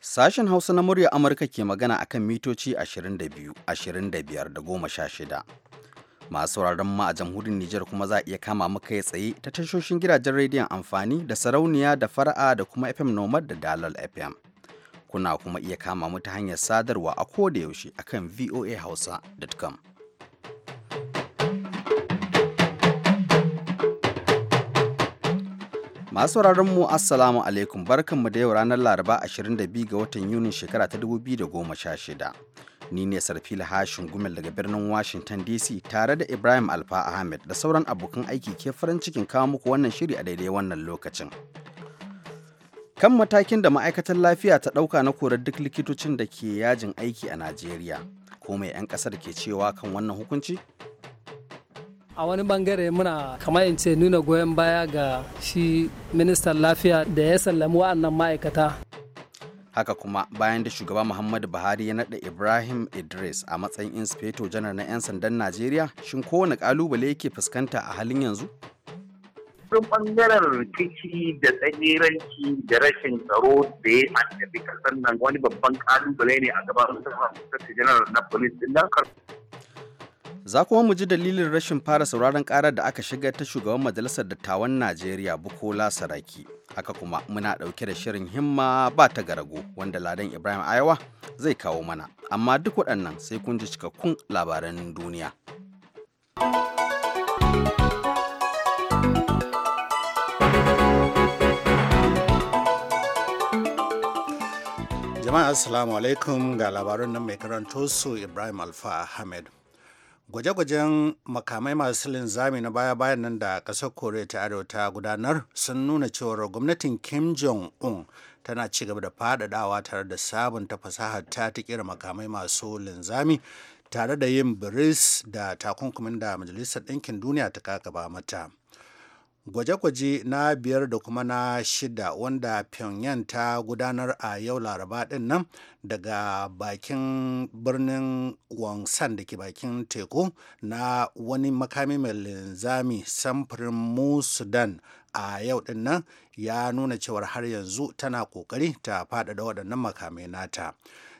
Sashen Hausa na murya Amurka ke magana akan mitoci 22, 25 da 16. Masu sauraron ma a jamhuriyar Nijar kuma za a iya kama mu kai tsaye ta tashoshin gidajen rediyon amfani da sarauniya da fara'a da kuma FM Nomad da Dalal FM. Kuna kuma iya kama mu ta hanyar sadarwa a koda yaushe akan voahausa.com. Masu sauraron mu Assalamu alaikum barkanmu da yau ranar Laraba 22 ga watan Yunin shekara ta 2016. Ni ne Sarfila Hashin Gumel daga birnin Washington DC tare da Ibrahim Alfa Ahmed da sauran abokan aiki ke farin cikin kawo muku wannan shiri a daidai wannan lokacin. Kan matakin da ma'aikatan lafiya ta ɗauka na korar duk likitocin da ke yajin aiki a Najeriya, ko mai 'yan ƙasar ke cewa kan wannan hukunci? a wani bangare muna kamar in ce nuna goyon baya ga shi ministan lafiya da ya sallami wa'annan ma'aikata haka kuma bayan da shugaba muhammadu buhari ya naɗa ibrahim idris a matsayin inspeto janar na 'yan sandan najeriya shin kowane kalubale yake fuskanta a halin yanzu sun bangaren rikici da tsagiranci da rashin tsaro da ya addabi kasar nan wani babban kalubale ne a gaban sassan janar na polis din Za kuma mu ji dalilin rashin fara sauraron karar da aka shiga ta shugaban majalisar dattawan Najeriya Bukola Saraki. Haka kuma muna ɗauke da shirin himma ba ta garago wanda Ladan Ibrahim Ayawa zai kawo mana. Amma duk waɗannan sai kun ji cikakkun labaran duniya. Jama'a Assalamu alaikum ga labarin nan mai karanto su Ibrahim Alfa Ahmed. gwaje-gwajen makamai masu linzami na baya-bayan nan da ƙasar koriya ta arewa ta gudanar sun nuna cewar gwamnatin kim jong-un tana ci gaba da faɗaɗawa tare da sabunta fasahar ta ta kira makamai masu linzami tare da yin biris da takunkumin da majalisar ɗinkin duniya ta kakaba mata gwaje-gwaje na biyar da kuma na shida wanda pyongyang ta gudanar a yau laraba din nan daga bakin birnin wonsan da ke bakin teku na wani makami mai linzami samfurin musudan a yau din nan ya nuna cewar har yanzu tana kokari ta faɗaɗa waɗannan makamai nata.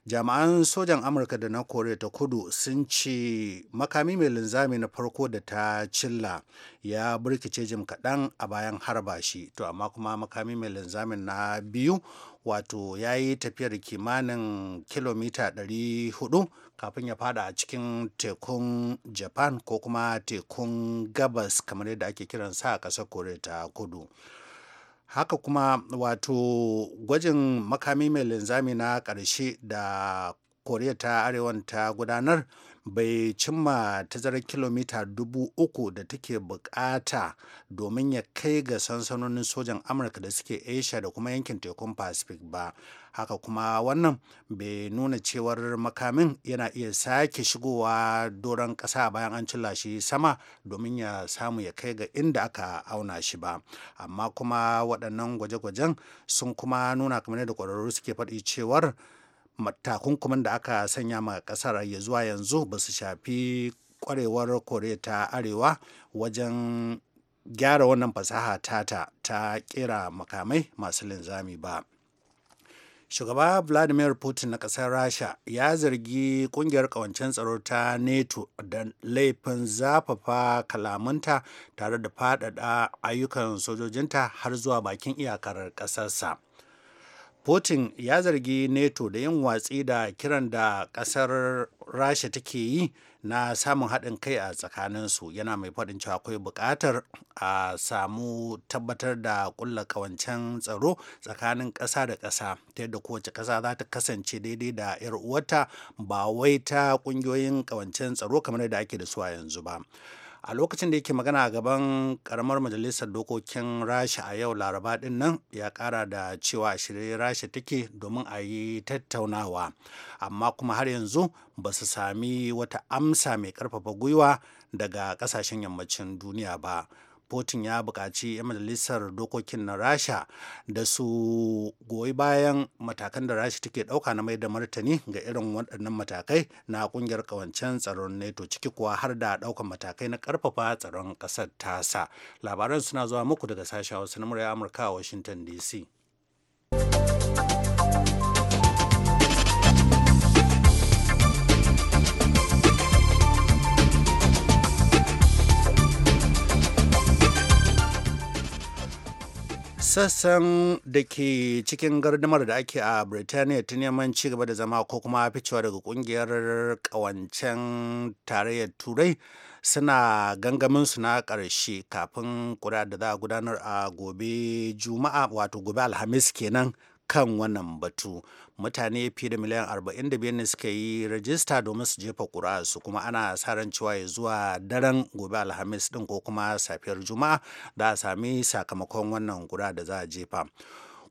jami'an sojan amurka da na koriya ta kudu sun ce makami mai linzami na farko da ta cilla ya birkice jim kaɗan a bayan harba shi to amma kuma makami mai linzami na biyu wato ya yi tafiyar kimanin kilomita 400 kafin ya fada a cikin tekun japan ko kuma tekun gabas kamar yadda ake kiransa a ƙasar koriya ta kudu haka kuma wato gwajin makami mai linzami na ƙarshe da koriya ta arewan ta gudanar bai cimma tazarar kilomita dubu uku da take bukata domin ya kai ga sansanonin sojan amurka da suke asia da kuma yankin tekun pacific ba haka kuma wannan bai nuna cewar makamin yana iya sake shigowa doron ƙasa bayan an cilla shi sama domin ya samu ya kai ga inda aka auna shi ba amma kuma waɗannan gwaje-gwajen sun kuma nuna kamar da ƙwararru suke faɗi cewar takunkumin da aka sanya ma ƙasar ya zuwa yanzu ba su shafi kwarewar koriya ta arewa wajen gyara wannan fasaha tata ta kera makamai masu linzami ba shugaba vladimir putin na ƙasar rasha ya zargi kungiyar ƙawancen tsaro ta neto da laifin zafafa kalamanta tare da faɗaɗa ayyukan sojojinta har zuwa bakin iyakar ƙasarsa putin ya zargi neto da yin watsi da kiran da ƙasar rasha take yi na samun haɗin kai a tsakaninsu yana mai faɗin cewa akwai buƙatar a samu tabbatar da ƙulla kawancen tsaro tsakanin ƙasa da ƙasa ta yadda kowace ƙasa za ta kasance daidai da 'yar uwata ba wai ta ƙungiyoyin kawancen tsaro kamar yadda ake da su a yanzu ba a lokacin da yake magana a gaban karamar majalisar dokokin rasha a yau laraba din nan ya kara da cewa shirye rasha take domin a yi tattaunawa amma kuma har yanzu ba su sami wata amsa mai karfafa gwiwa daga kasashen yammacin duniya ba Putin ya buƙaci 'yan majalisar dokokin na rasha da su goyi bayan matakan da rasha take ɗauka na mai da martani ga irin waɗannan matakai na ƙungiyar ƙawancen tsaron neto ciki kuwa har da ɗaukan matakai na ƙarfafa tsaron ƙasar tasa labaran suna zuwa muku daga sashen hausa na amurka a washington dc sassan da ke cikin gardamar da ake a Birtaniya ta neman ci gaba da zama ko kuma ficewa daga kungiyar kawancen tarayyar turai suna gangamin su na ƙarshe kafin kura da za a gudanar a gobe juma'a wato gobe alhamis kenan kan wannan batu mutane fiye da miliyan 45 ne suka yi rajista domin su jefa su kuma ana sa ran cewa ya zuwa daren gobe alhamis din ko kuma safiyar juma'a da a sami sakamakon wannan kura da za a jefa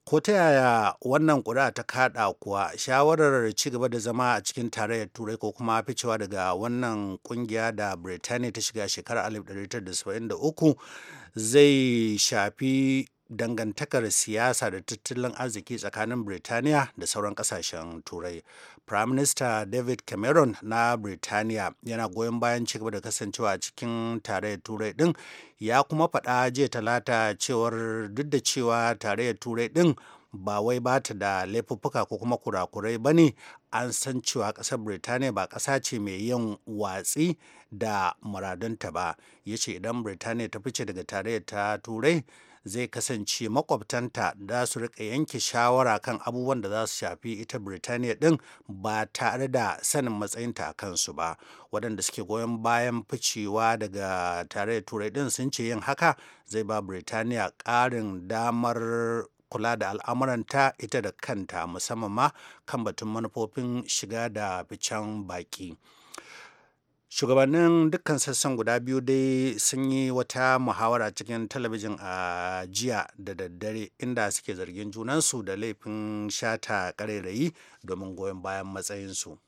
ko ta yaya wannan ƙuri'a ta kaɗa kuwa shawarar ci gaba da zama a cikin tarayyar turai ko kuma ficewa daga wannan ƙungiya da birtaniya ta shiga shekarar 1973 zai shafi dangantakar siyasa da tattalin arziki tsakanin Birtaniya da sauran kasashen Turai. Prime Minister David Cameron na Birtaniya yana goyon bayan ci gaba da kasancewa a cikin tarayyar Turai ɗin ya kuma faɗa jiya talata cewar duk da cewa tarayyar Turai ɗin ba wai ba ta da laifuffuka ko kuma kurakurai ba ne an san cewa ƙasar Birtaniya ba ƙasa ce mai yin watsi da muradunta ba. Ya ce idan Birtaniya ta fice daga tarayyar ta Turai zai kasance makwabtanta da su rika yanke shawara kan abubuwan da za su shafi ita birtaniya din ba tare da sanin matsayinta a kansu ba waɗanda suke goyon bayan ficewa daga tare da turai din sun ce yin haka zai ba birtaniya ƙarin damar kula da al'amuranta ita da kanta musamman ma kan batun manufofin shiga da ficen baƙi. shugabannin dukkan sassan guda biyu dai sun yi wata muhawara cikin talabijin a jiya da daddare inda suke zargin junansu da laifin shata ƙarairayi domin goyon bayan matsayinsu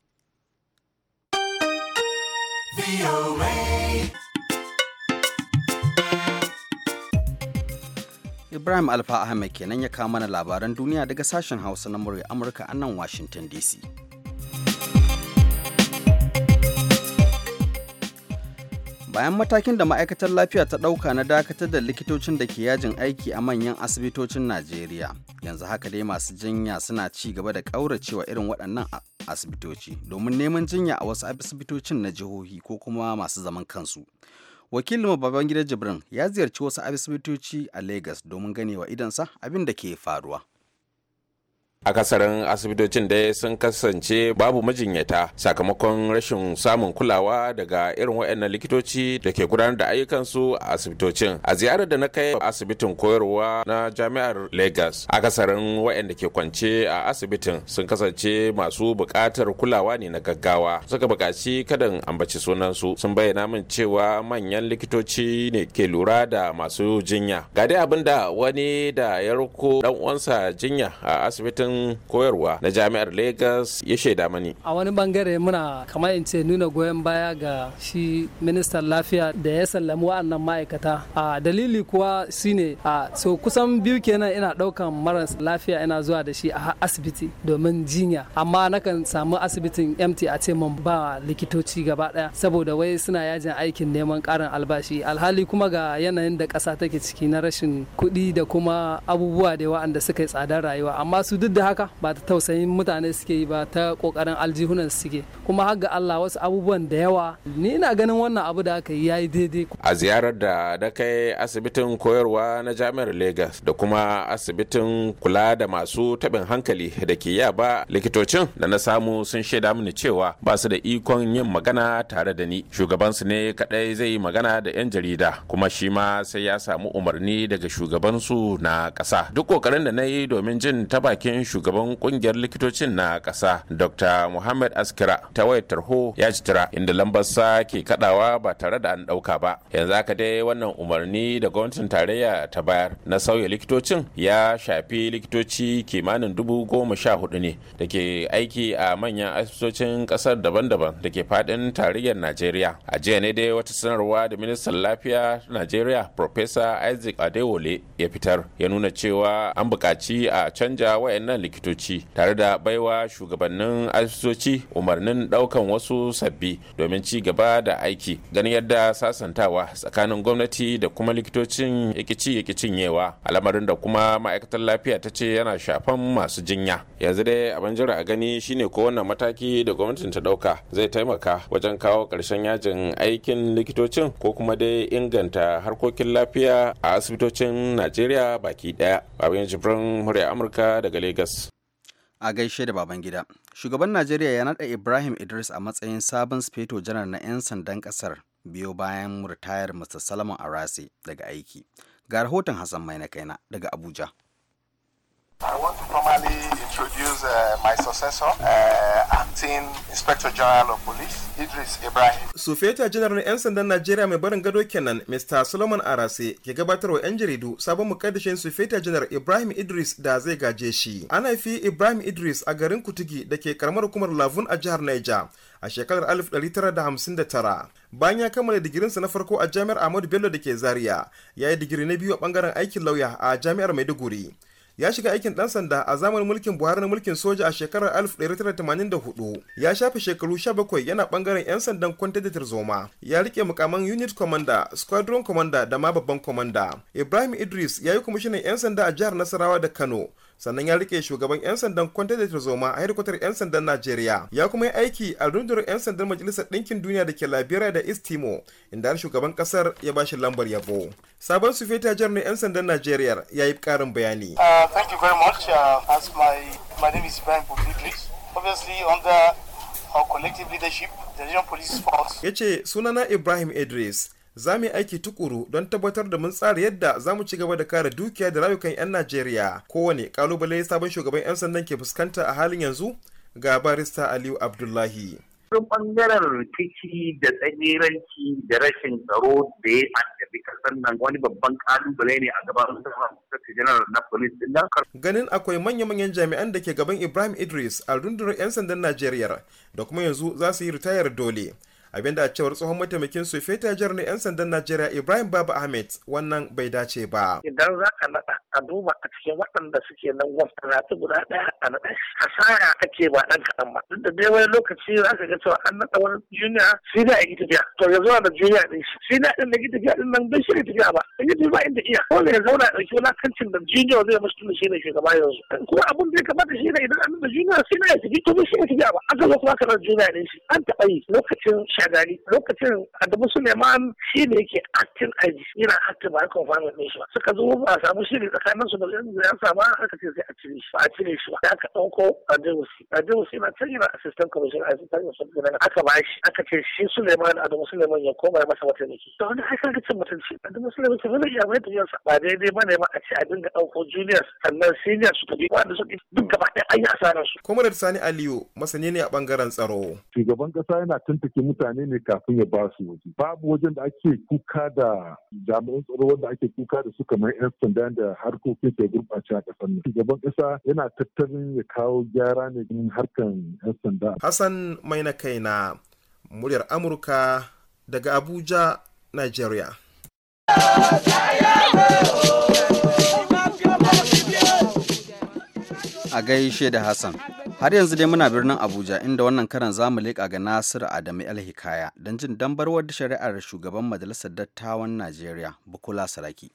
ibrahim alfa ahmed kenan ya kawo mana labaran duniya daga sashen hausa na murya amurka a nan washington dc bayan matakin da ma'aikatar lafiya ta ɗauka na dakatar da likitocin da ke yajin aiki a manyan asibitocin najeriya yanzu haka dai masu jinya suna ci gaba da ƙauracewa irin waɗannan asibitoci domin neman jinya a wasu asibitocin na jihohi ko kuma masu zaman kansu wakilin babban gidan jibrin ya ziyarci wasu asibitoci a lagos domin ganewa idansa abin da ke faruwa akasarin asibitocin dai sun kasance babu majinyata sakamakon rashin samun kulawa daga irin waɗannan likitoci da ke gudanar da ayyukansu a asibitocin a ziyarar da na kai asibitin koyarwa na jami'ar lagos akasarin waɗanda ke kwance a asibitin sun kasance masu buƙatar kulawa ne na gaggawa suka buƙaci kadan ambaci sunansu sun bayyana min cewa manyan likitoci ne ke lura da masu jinya ga dai abin da wani da ya roko dan uwansa jinya a asibitin sashen koyarwa na jami'ar Legas ya shaida mani. A wani bangare muna kamar in ce nuna goyon baya ga shi ministan lafiya da ya sallami wa'annan ma'aikata. A dalili kuwa shine a so kusan biyu kenan ina ɗaukan maras lafiya ina zuwa da shi a asibiti domin jinya. Amma nakan samu asibitin MT a ce man ba likitoci gaba ɗaya saboda wai suna yajin aikin neman karin albashi. Alhali kuma ga yanayin da ƙasa take ciki na rashin kuɗi da kuma abubuwa da wa'anda suka yi tsadar rayuwa. Amma su duk da haka ba ta tausayin mutane suke ba ta kokarin aljihunan suke kuma har ga Allah wasu abubuwan da yawa ni ina ganin wannan abu da aka yi yayi daidai a ziyarar da da kai asibitin koyarwa na jami'ar Lagos da kuma asibitin kula da masu tabin hankali da ke ya ba likitocin da na samu sun shaida mini cewa ba su da ikon yin magana tare da ni shugaban su ne kadai zai yi magana da 'yan jarida kuma shi ma sai ya samu umarni daga shugaban su na ƙasa duk kokarin da na yi domin jin ta bakin shugaban kungiyar likitocin na ƙasa dr muhammad askira ta wayar tarho ya jitira inda lambarsa ke kadawa ba tare da an ɗauka ba yanzu haka dai wannan umarni da gwamnatin tarayya ta bayar na sauya likitocin ya shafi likitoci kimanin dubu goma sha hudu ne da ke aiki a manyan asibitocin ƙasar daban-daban da ke faɗin tarayyar najeriya a jiya ne dai wata sanarwa da ministan lafiya ta najeriya professor isaac adewole ya fitar ya nuna cewa an buƙaci a canja wayannan likitoci tare da baiwa shugabannin asibitoci umarnin ɗaukan wasu sabbi domin ci gaba da aiki ganin yadda sasantawa tsakanin gwamnati da kuma likitocin yakici a al'amarin da kuma ma'aikatar lafiya ta ce yana shafan masu jinya yanzu dai abin jira a gani shine ko wannan mataki da gwamnatin ta ɗauka zai taimaka wajen kawo karshen yajin aikin likitocin ko kuma dai inganta harkokin lafiya a asibitocin najeriya baki ɗaya babin jibrin murya amurka daga lagos Lagos. A gaishe da baban gida. Shugaban Najeriya ya naɗa Ibrahim Idris a matsayin sabon sufeto janar na 'yan sandan ƙasar biyo bayan ritayar Mr. Salman Arase daga aiki. Ga rahoton Hassan Mai na kaina daga Abuja. formally introduce uh, my successor, uh, acting Inspector General of Police, Sufeta Janar na 'yan sandan Najeriya mai barin gado kenan, Mr. Solomon Arase, ke gabatarwa 'yan jaridu sabon mukaddashin Sufeta Janar Ibrahim Idris da zai gaje shi. Ana fi Ibrahim Idris a garin Kutigi da ke karamar hukumar Lavun a jihar Niger. a shekarar 1959 bayan ya kammala digirinsa na farko a jami'ar ahmadu bello da ke zaria ya yi digiri na biyu a bangaren aikin lauya a jami'ar maiduguri ya shiga aikin ɗan sanda a zamanin mulkin Buhari na mulkin soja a shekarar 1984. Ya shafe shekaru 17 yana bangaren 'yan sandan kwantar zoma. Ya rike mukaman unit commander, squadron commander da ma babban commander. Ibrahim Idris ya yi kwamishinan 'yan sanda a jihar Nasarawa da Kano. sannan ya rike shugaban 'yan sandan kwanta da tarzoma a hedikwatar 'yan sandan najeriya ya kuma yi aiki a rundunar 'yan sandan majalisar ɗinkin duniya da ke labira da istimo inda har shugaban ƙasar ya bashi lambar yabo sabon sufeta jar na 'yan sandan najeriya ya yi ƙarin bayani Obviously, under our collective leadership, the police force. Ya ce sunana Ibrahim Idris, za mu yi aiki tukuru don tabbatar da mun tsara yadda za mu ci gaba da kare dukiya da rayukan 'yan Najeriya. Kowane kalubale sabon shugaban 'yan sandan ke fuskanta a halin yanzu ga barista Aliyu Abdullahi. Wani bangaren rikici da tsagiranci da rashin tsaro da ya addabi kasar nan wani babban kalubale ne a gaban Sufetu Janar na Polis din Ganin akwai manya-manyan jami'an da ke gaban Ibrahim Idris a rundunar 'yan sandan Najeriya da kuma yanzu za su yi ritayar dole. abin da cewar tsohon mataimakin su feta jar na 'yan sandan najeriya ibrahim baba ahmed wannan bai dace ba idan za ka naɗa a duba a cikin waɗanda suke nan gwamnati guda ɗaya a naɗa hasara ake ba ɗan kaɗan ba duk da dai wani lokaci za ka ga cewa an naɗa wani junior sai da a yi tafiya to ya zo da junior ɗin shi sai da ɗin da yi tafiya ɗin nan bai shirya tafiya ba in yi tafiya inda iya ko ya zauna a ɗauki wulakancin da junior zai musu tunda shi ne shugaba yanzu ko abin da ya kamata shi ne idan an naɗa junior sai na ya tafi to bai shirya tafiya ba aka zo kuma ka naɗa juniya ɗin shi an taɓa yi lokacin shagari lokacin adamu suleiman shi ne yake aktin IG yana acting ba kan fara ne shi ba suka zo ba samu shiri tsakanin su ba ya samu aka ce sai a cire shi ba a cire shi ba ya ka ɗauko adewusi adewusi na can yana asistan assistant commissioner assistant commissioner aka ba shi aka ce shi suleiman adamu suleiman ya koma masa wata ne ke to wani haka ka cin mutunci adamu suleiman ta wani iya mai tafiyarsa ba daidai ba ne ma a ce a dinga ɗauko juniors sannan senior su tafi wanda suke duk gaba ɗaya an yi asarar su. da Sani Aliyu masani ne a ɓangaren tsaro. Shugaban ƙasa yana tuntuke mutane mutane ne kafin ya ba su waje babu wajen da ake kuka da jami'an tsaro wanda ake kuka da su kamar yan sanda da harkokin ke gurɓace a ƙasar nan shugaban ƙasa yana tattalin ya kawo gyara ne ganin harkan yan sanda hassan mai na kai na muryar amurka daga abuja nigeria a gaishe da hassan Har yanzu dai muna birnin Abuja inda wannan karan za mu leƙa ga Nasiru Adamu El Hikaya don jin dambarwar shari'ar shugaban Majalisar Dattawan Najeriya Bukola Saraki.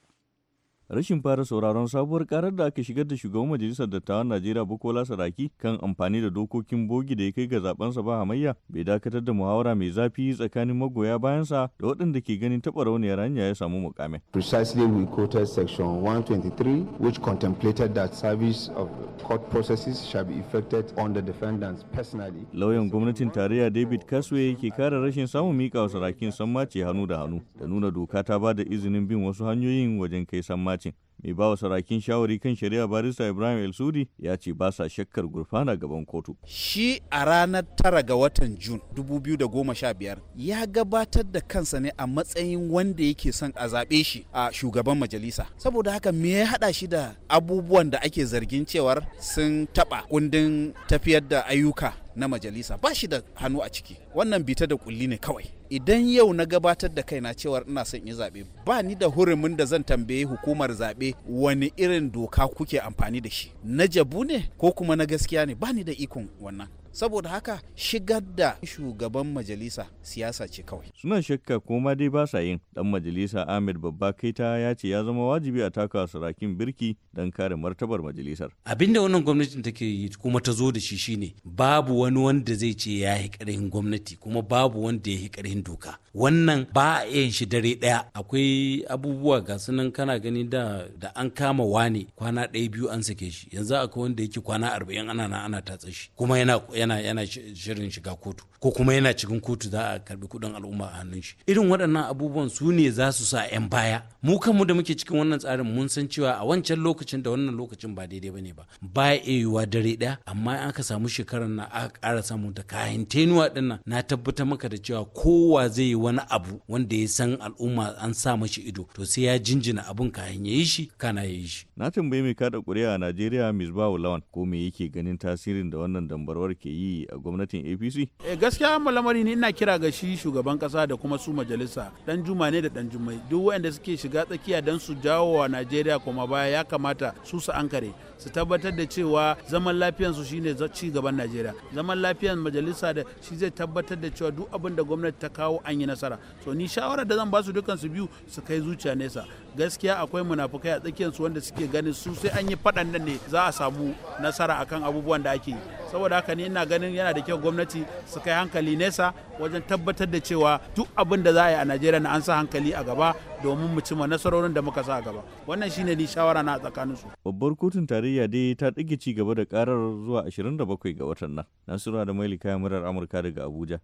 rashin fara sauraron sabuwar karar da aka shigar da shugaban majalisar dattawan najeriya bukola saraki kan amfani da dokokin bogi da ya kai ga sa ba hamayya bai dakatar da muhawara mai zafi tsakanin magoya bayansa da waɗanda ke ganin taɓa rauniyar hanya ya samu mukamin. precisely we quoted section 123 which contemplated that service of court processes shall be effected on the defendants personally. lauyan gwamnatin tarayya david kaswe ke kare rashin samun mika wa sarakin sammace hannu da hannu da nuna doka ta ba da izinin bin wasu hanyoyin wajen kai sammace. Martin. Mai bawa sarakin shawari kan shari'a barista Ibrahim El Sudi ya ce ba sa shakkar gurfana gaban kotu. Shi a ranar tara ga watan Jun 2015 ya gabatar da kansa ne a matsayin wanda yake son a zaɓe shi a shugaban majalisa. Saboda haka me ya haɗa shi da abubuwan da ake zargin cewar sun taɓa kundin tafiyar da ayyuka na majalisa ba shi da hannu a ciki wannan bita da kulli ne kawai idan yau na gabatar da kaina cewar ina son yi zaɓe ba ni da hurumin da zan tambaye hukumar zaɓe wani irin doka kuke amfani da shi na jabu ne ko kuma na gaskiya ne ba ni da ikon wannan saboda haka shigar da shugaban majalisa siyasa ce kawai suna shakka ma dai ba sa yin dan majalisa ahmed babba kaita ya ce ya zama wajibi a taka sarakin birki don kare martabar majalisar abinda wannan gwamnatin take yi kuma ta zo da shi shine babu wani wanda zai ce ya yi karhin gwamnati kuma babu wanda ya yi karhin doka wannan ba a yin shi dare daya akwai abubuwa ga sunan kana gani da da an kama wane kwana ɗaya biyu an sake shi yanzu akwai wanda yake kwana arba'in ana na ana tatsa shi kuma yana yana yana shirin shiga kotu ko kuma yana cikin kotu za a karbi kudin al'umma a hannun shi irin waɗannan abubuwan su ne za su sa 'yan baya mu kanmu da muke cikin wannan tsarin mun san cewa a wancan lokacin da wannan lokacin ba daidai bane ba ba yiwuwa dare ɗaya amma in aka samu shekarar na aka ƙara samun ta kayan tenuwa ɗin na tabbatar maka da cewa kowa zai yi wani abu wanda ya san al'umma an sa mashi ido to sai ya jinjina abun kayan ya yi shi kana ya yi shi na tambayi mai kada ƙuri'a a Najeriya Misbahu Lawan ko me yake ganin tasirin da wannan dambarwar ke yi a gwamnatin apc eh, gaskiya mu lamari ne ina kira ga shi shugaban kasa da kuma su majalisa dan juma ne da dan duk waɗanda suke shiga tsakiya dan su jawo wa najeriya kuma baya ya kamata su su ankare su tabbatar da cewa zaman lafiyan su shine ci gaban najeriya zaman lafiyan majalisa da shi zai tabbatar da cewa duk abin da gwamnati ta kawo an yi nasara so ni shawara da zan ba su dukkan su biyu su kai zuciya nesa gaskiya akwai munafukai a tsakiyar su wanda suke ganin su sai an yi faɗan nan ne za a samu nasara akan abubuwan da ake yi saboda haka ne ina ganin yana da kyau gwamnati su kai hankali nesa wajen tabbatar da cewa duk abin da za a yi a najeriya na an sa hankali a gaba domin mu cima nasarorin da muka sa a gaba wannan shine ni shawara na tsakanin su babbar kotun tarayya dai ta ɗige ci gaba da karar zuwa 27 ga watan nan nasiru da maili kayan murar amurka daga abuja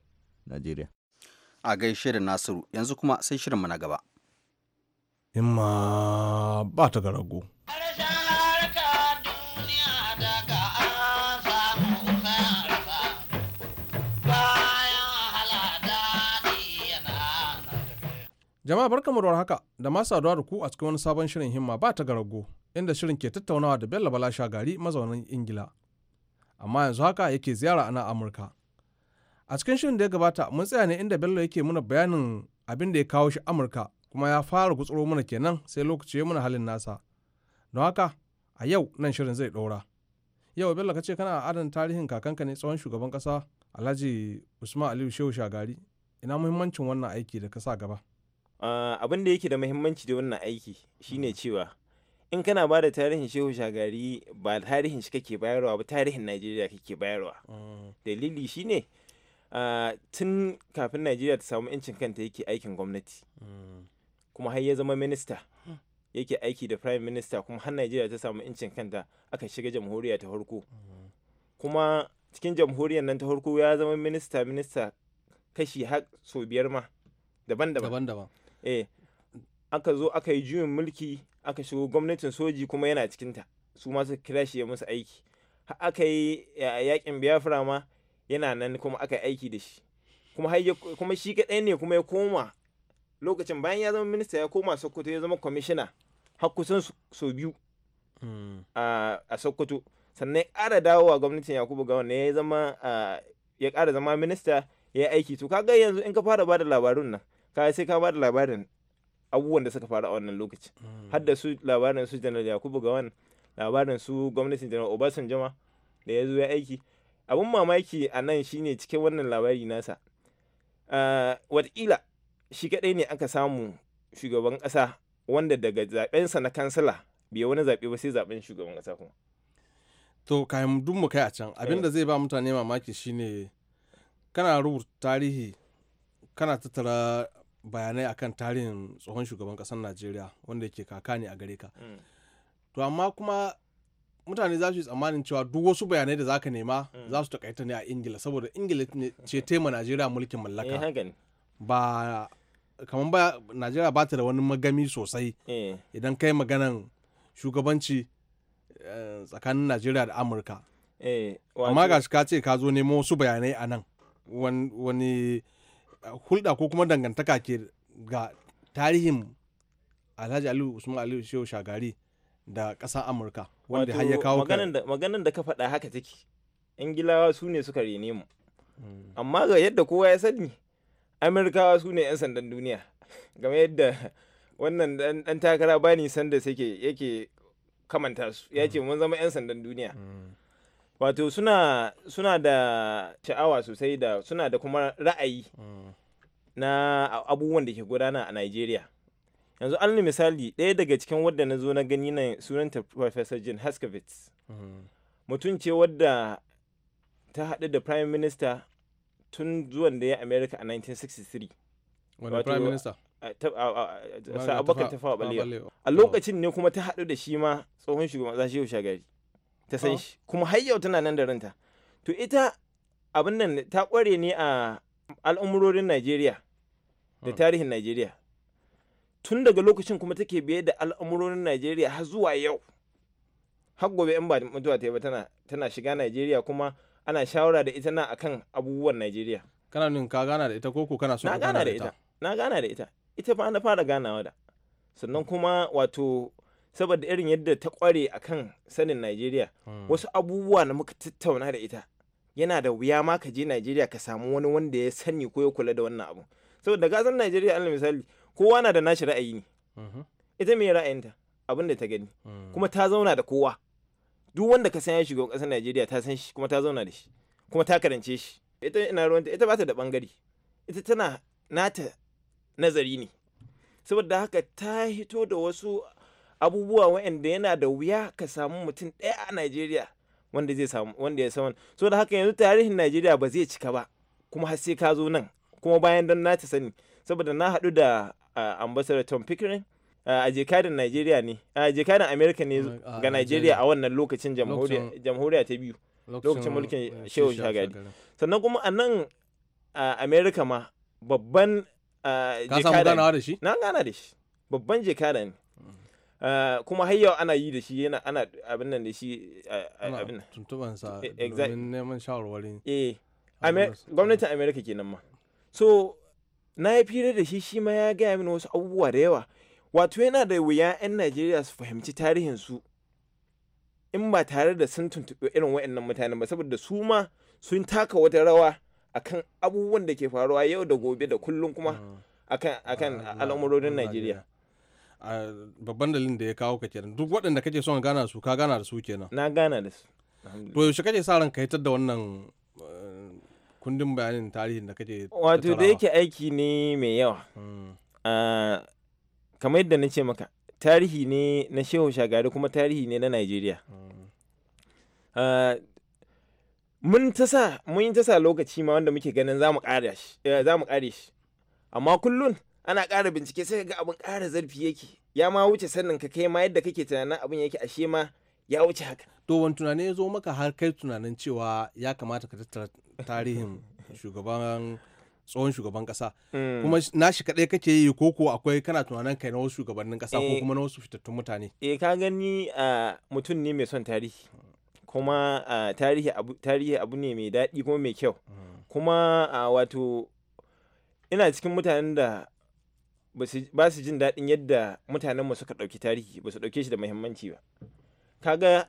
najeriya a gaishe da nasiru yanzu kuma sai shirin na gaba imma ba ta garago Jama'a barkamu da haka da ma saduwa da ku a cikin wani sabon shirin himma ba ta garago inda shirin ke tattaunawa da Bello Bala Shagari mazaunin Ingila. Amma yanzu haka yake ziyara ana Amurka. A cikin shirin da ya gabata mun tsaya ne inda Bello yake muna bayanin abin da ya kawo shi Amurka kuma ya fara gutsuro mana kenan sai lokaci ya muna halin nasa. Don haka a yau nan shirin zai ɗora. Yau Bello ka ce kana adana tarihin kakanka ne tsawon shugaban ƙasa Alhaji Usman Aliyu Shehu Shagari. Ina muhimmancin wannan aiki da ka sa gaba. Ah, abin da yake da muhimmanci da wannan aiki shine mm. cewa in kana ba da tarihin shehu shagari ba tarihin shi kake bayarwa ba tarihin najeriya kake bayarwa mm. dalili shine ah, tun kafin najeriya ta samu 'yancin kanta yake aikin gwamnati mm. kuma har ya zama minista hmm. yake aiki da prime minister kuma har najeriya ta samu 'yancin kanta aka shiga jamhuriya ta farko kuma cikin jamhuriyar nan ta farko ya zama minista minista kashi har sau biyar ma daban-daban eh aka zo aka yi juyin mulki aka shigo gwamnatin soji kuma yana cikinta su ma suka kira shi ya musu aiki aka yi yakin biafra ma yana nan kuma aka yi aiki da shi kuma shi kaɗai ne kuma ya koma lokacin bayan ya zama minista ya koma sokoto ya zama kwamishina har kusan so biyu hmm. a sokoto sannan ya ƙara dawowa gwamnatin yakubu ga wanda ya zama ya ƙara zama minista ya aiki to kaga yanzu in ka fara bada labarun nan ka sai ka bada labarin abubuwan da suka faru a wannan lokaci mm. har da su labarin su janar yakubu gawan labarin su gwamnatin janar obasan jama da ya zo ya aiki abun mamaki a nan shine cikin wannan labari nasa ah, watakila shi kadai ne aka samu shugaban kasa wanda daga zabensa na kansala bai wani zaɓe ba sai zaɓen shugaban kasa kuma to kayan duk mu kai a can abin da eh. zai ba mutane mamaki shine kana rubuta tarihi kana tattara bayanai akan tarihin tsohon shugaban kasar najeriya wanda yake kaka ne a gare ka mm. to amma kuma mutane za su yi tsammanin cewa duk wasu bayanai da zaka nema mm. za su takaita ne a ingila saboda ingila ce tema najeriya mulkin mallaka eh, ba kamar ba najeriya ba ta da wani magami sosai eh. idan kai maganan shugabanci eh, tsakanin najeriya da amurka amma ga shi ka ce ka zo nemo wasu bayanai a nan wani hulɗa ko kuma dangantaka ke ga tarihin alhaji ali usman ali shehu shagari da ƙasar amurka wanda har ya kawo maganan da ka faɗa haka take ingilawa su ne suka rene mu hmm. amma ga yadda kowa ya sani amurkawa su ne 'yan sandan duniya game yadda wannan dan takara bani sanda yake kamanta su ya ce hmm. mun zama 'yan sandan duniya hmm. wato suna suna da sha'awa sosai da suna da kuma ra'ayi na abubuwan da ke gudana a Najeriya. yanzu an misali ɗaya daga cikin wadda na zo na gani na sunanta Professor jean haskovitz Mutum ce wadda ta haɗu da Prime Minister tun zuwan da ya America a 1963. wadda Prime Minister? Sa tafawa balewa. A lokacin ne kuma ta haɗu da shi ma tsohon shugaban ƙasa Shehu Shagari. ta san oh. shi kuma har yau tana nan da ranta to ita abin nan ta kware ne a al'amurorin Najeriya da hmm. tarihin Najeriya tun daga lokacin kuma take biye da al'amurorin Najeriya har zuwa yau har gobe in ba mutuwa ta yi ba tana tana shiga Najeriya kuma ana shawara da ita na akan abubuwan Najeriya kana nin ka gana da ita koko kana so na gana da ita na gana da ita ita fa na fara ganawa da sannan kuma wato saboda irin yadda ta kware a kan sanin Najeriya hmm. wasu abubuwa na muka tattauna da ita yana da wuya ma ka je Najeriya ka samu wani wanda ya sani ko ya kula da wannan abu saboda san Najeriya alal misali kowa na da nashi ra'ayi ne mm-hmm. ita me ra'ayinta abin da ta gani hmm. kuma ta zauna da kowa duk wanda ka san ya shiga ƙasar Najeriya ta san shi kuma ta zauna da shi kuma ta karance shi ita ina ruwanta ita ba ta da bangare ita tana nata nazari ne saboda haka ta hito da wasu abubuwa waɗanda yana da wuya ka samu mutum ɗaya a Najeriya wanda zai samu wanda ya samu so da haka yanzu tarihin Najeriya ba zai cika ba kuma har sai ka zo nan kuma bayan don na ta sani saboda na haɗu da ambassador Tom Pickering a jikadin Najeriya ne a jikadin America ne ga Najeriya a wannan lokacin jamhuriya ta biyu lokacin mulkin Shehu Shagari sannan kuma a nan America ma babban ka samu ganawa da shi na gana da shi babban jekada ne Eh, kuma har yau ana yi da shi yana ana abin nan da shi eh, eh, abin tuntuban sa e, domin neman shawarwarin eh gwamnatin America kenan ma so na yi fira da shi shi ma ya gaya mini wasu abubuwa da yawa wato yana da wuya 'yan Najeriya su fahimci tarihin su in ba tare da sun tuntuɓi irin waɗannan mutane ba saboda su ma sun taka wata rawa akan abubuwan da ke faruwa yau da gobe da kullum kuma mm. akan al'amurorin Najeriya babban dalilin da ya kawo ka kenan duk waɗanda kake son gana su ka gana da su kenan na gana da su to yaushe kake sa ran ka hitar da wannan eh, kundin bayanin tarihin da kake wato da yake aiki ne mai yawa hmm. ah, kamar yadda na ce maka tarihi ne na shehu shagari kuma tarihi ne na nigeria hmm. ah, mun ta sa mun ta sa lokaci ma wanda muke ganin za mu kare eh, shi amma kullun ana ƙara bincike sai ga abin ƙara zarfi yake ya ma wuce sannan ka kai ma yadda kake tunanin abin yake ashe ma ya wuce haka to wani tunanin ya zo maka har kai tunanin cewa ya kamata ka tattara tarihin shugaban tsohon shugaban kasa hmm. kuma nashi kaɗai kake yi ko ko akwai kana tunanin kai na wasu shugabannin kasa ko eh. kuma na wasu fitattun mutane eh ka gani a mutum ne mai son tarihi kuma tarihi abu tarihi abu ne mai daɗi kuma mai kyau hmm. kuma wato ina cikin mutanen da ba su jin daɗin yadda mutanenmu suka ɗauki tarihi ba su ɗauke shi da muhimmanci ba kaga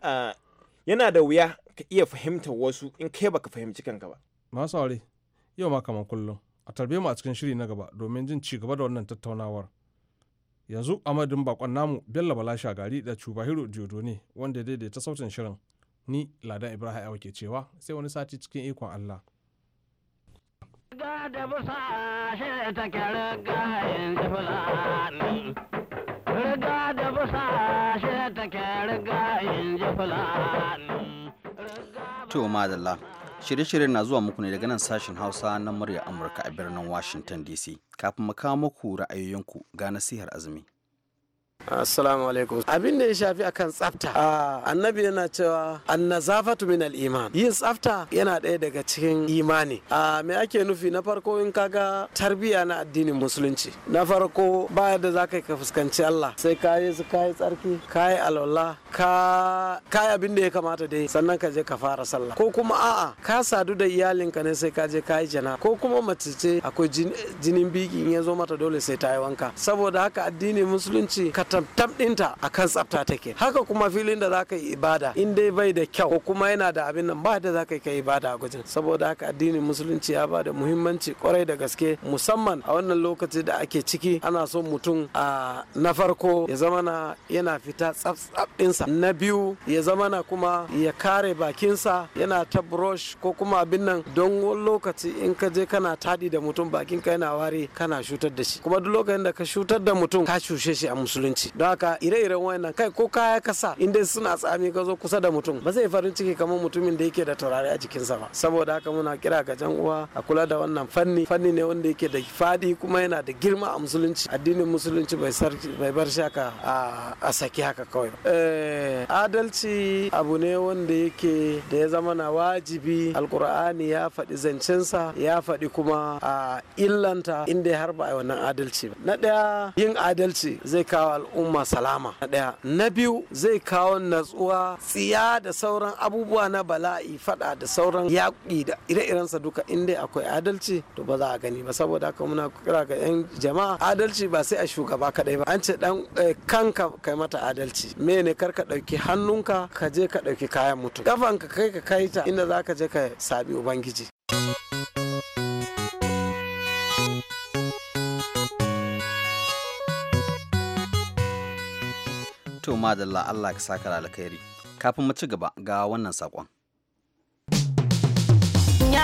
yana da wuya ka iya fahimtar wasu in kai baka fahimci kanka ba masu aure yau ma kamar kullum a tarbe mu a cikin shiri na gaba domin jin ci gaba da wannan tattaunawar yanzu amadin bakon namu bello bala shagari da cubahiru jodo ne wanda daidaita sautin shirin ni ladan ibrahim ke cewa sai wani sati cikin ikon allah Ga da da To madalla. Shirye-shiryen na zuwa muku ne daga nan sashen Hausa na murya Amurka a birnin Washington DC. Kafin mu kawo muku ra'ayoyinku ga nasihar azumi. assalamu alaikum abin da ya shafi akan tsafta ah. annabi yana cewa annazafatu min al-iman yin tsafta yana ɗaya daga cikin imani a ah, me ake nufi na farko in kaga tarbiya na addinin musulunci na farko baya da zaka ka fuskanci Allah sai ka yi su kai tsarki yi alwala ka yi abin da ya kamata dai sannan ka je ka fara sallah ko kuma a'a ka sadu da iyalinka ne sai ka je ka yi jana ko kuma mace ce akwai jinin biki in ya zo mata dole sai ta yi wanka saboda haka addinin musulunci ka tamtam ɗinta a kan tsafta take haka kuma filin da zaka yi ibada in dai bai da kyau ko kuma yana da abin nan ba da zaka yi ibada a gujin saboda haka addinin musulunci ya ba da muhimmanci kwarai da gaske musamman a wannan lokaci da ake ciki ana so mutum a na farko ya zamana yana fita tsaf ɗinsa na biyu ya zamana kuma ya kare bakinsa yana ta brush ko kuma abin nan don lokaci in ka je kana tadi da mutum bakinka yana wari kana shutar da shi kuma duk lokacin da ka shutar da mutum ka shushe shi a musulunci ce don haka ire-iren wayannan kai ko kaya kasa inda suna tsami ka zo kusa da mutum ba zai farin ciki kamar mutumin da yake da taurari a jikinsa ba saboda haka muna kira ga jan uwa a kula da wannan fanni fanni ne wanda yake da fadi kuma yana da girma a musulunci addinin musulunci bai bar shaka a a saki haka kawai eh, adalci abu ne wanda yake da ya zama na wajibi alkur'ani ya faɗi zancensa ya faɗi kuma a illanta inda har ba a wannan adalci ba na ɗaya yin adalci zai kawo umma salama na ɗaya na biyu zai kawo natsuwa tsiya da sauran abubuwa na bala'i fada da sauran yaƙi da ire-irensa duka Inda akwai adalci to ba za a gani ba saboda haka muna kira ga 'yan jama'a adalci ba sai a shugaba kaɗai ba an ce dan eh, kanka kai mata adalci me ne kar ka ɗauki hannunka ka je ka ɗauki kayan mutum kafanka kai ka kai ta inda za ka je ka sabi ubangiji. To madalla Allah ka saka da alkhairi. Kafin mu ci gaba ga wannan sakon Na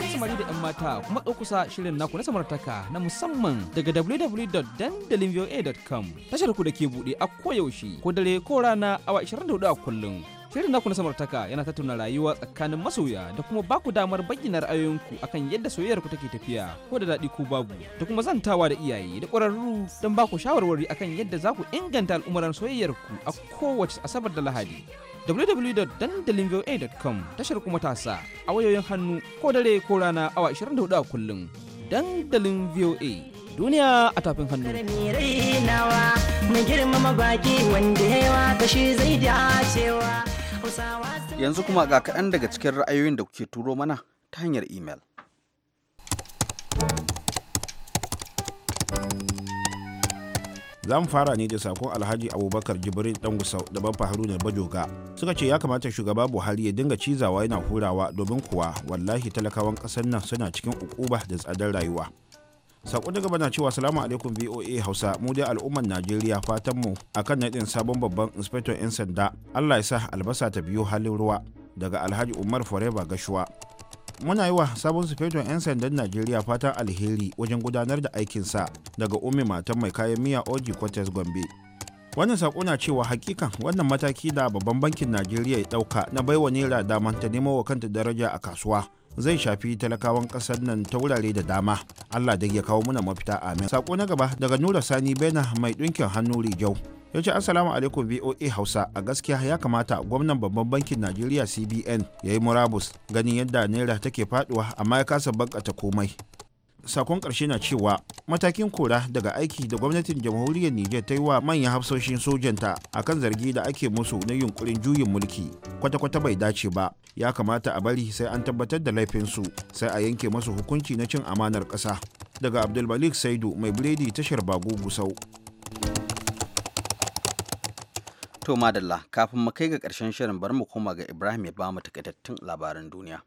kusa mari da 'yan mata kuma kusa shirin naku na samartaka na musamman daga www.dandalinvoa.com tashar ku da ke buɗe a koyaushe ko dare ko rana awa 24 a kullum Shirin naku na samartaka yana tattauna rayuwa tsakanin masoya da kuma ba ku damar bayyana ra'ayoyinku akan yadda soyayyar ku take tafiya ko da daɗi ko babu da kuma zantawa da iyaye da ƙwararru don ba ku shawarwari akan yadda za ku inganta al'umuran soyayyar ku a kowace asabar da lahadi. www.dandalinvoa.com tashar kuma tasa a wayoyin hannu ko dare ko rana awa 24 a kullum. Dandalin VOA duniya a tafin hannu. girmama Yanzu kuma ga kaɗan daga cikin ra'ayoyin da kuke turo mana ta hanyar imel. za mu fara ne da sakon alhaji abubakar jibril ɗan gusau da babba haruna bajoga suka ce ya kamata shugaba buhari ya dinga cizawa yana hurawa domin kuwa wallahi talakawan kasar nan suna cikin ukuba da tsadar rayuwa sako na gaba na cewa salamu alaikum voa hausa mu dai al'ummar najeriya fatan mu akan naɗin sabon babban inspector 'yan sanda allah ya sa albasa ta biyo halin ruwa daga alhaji umar forever gashuwa muna yi wa sabon inspector 'yan sandan najeriya fatan alheri wajen gudanar da aikinsa daga umi matan mai kayan miya oji cortes gombe wannan sako na cewa hakikan wannan mataki da babban bankin najeriya ya ɗauka na baiwa naira daman ta nemo wa kanta daraja a kasuwa zai shafi talakawan ƙasar nan ta wurare da dama allah dai ya kawo muna mafita amin sako na gaba daga nura sani bena mai ɗinkin hannu rijau ya ce assalamu alaikum voa hausa a gaskiya ya kamata gwamnan babban bankin najeriya cbn ya yi murabus ganin yadda naira take faduwa amma ya kasa bankata komai sakon karshe na cewa matakin kora daga aiki da gwamnatin jamhuriyar niger ta yi wa manyan hafsoshin sojanta akan zargi da ake musu na yunkurin juyin mulki kwata-kwata bai dace ba ya kamata a bari sai an tabbatar da laifinsu sai a yanke masu hukunci na cin amanar ƙasa daga abdulmalik saidu mai biredi tashar bago gusau to madalla kafin mu kai ga ƙarshen shirin bar mu koma ga ibrahim ya ba mu takaitattun labaran duniya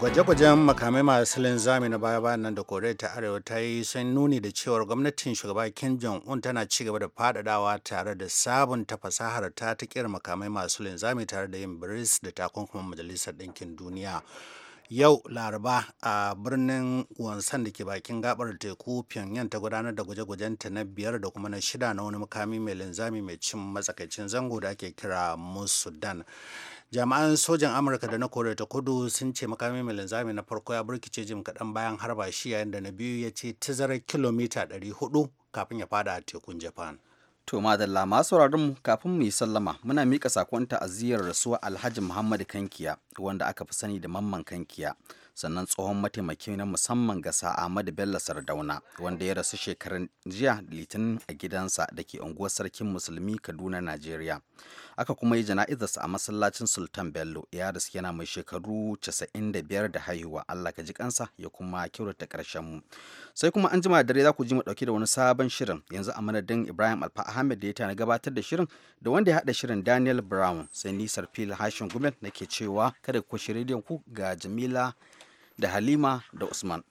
gwaje-gwajen makamai masu linzami na baya-bayan nan da koriya ta arewa ta yi sun nuni da cewar gwamnatin shugaba kim jong-un tana ci gaba da faɗaɗawa tare da sabunta fasahar ta ta makamai masu linzami tare da yin biris da takunkumin majalisar ɗinkin duniya yau laraba a birnin wansan da ke bakin gabar teku pyongyang ta gudanar da gwaje gwajen ta na biyar da kuma na shida na wani makami mai linzami mai cin matsakaicin zango da ake kira musudan jami'an sojan amurka da na kore ta kudu sun ce makamin mai linzami na farko ya burkice jim kaɗan bayan harba shi yayin da na biyu ya ce tazarar kilomita 400 kafin ya fada a tekun japan to madalla masu sauraron kafin mu yi sallama muna mika sakon ta'aziyyar rasuwa alhaji muhammad kankiya wanda aka fi sani da mamman kankiya sannan tsohon mataimaki na musamman ga ahmad bello sardauna wanda ya rasu shekarun jiya litinin a gidansa da ke unguwar sarkin musulmi kaduna najeriya aka kuma yi jana'izarsa a masallacin sultan bello ya rasu yana mai shekaru 95 da haihuwa allah ka ji kansa ya kuma kyautata karshen mu sai kuma an jima da dare za ku ji mu dauke da wani sabon shirin yanzu a manadin ibrahim alfa ahmed da ya tana gabatar da shirin da wanda ya haɗa shirin daniel brown sai nisar fil hashin gumel nake cewa kada ku rediyon ku ga jamila da halima da usman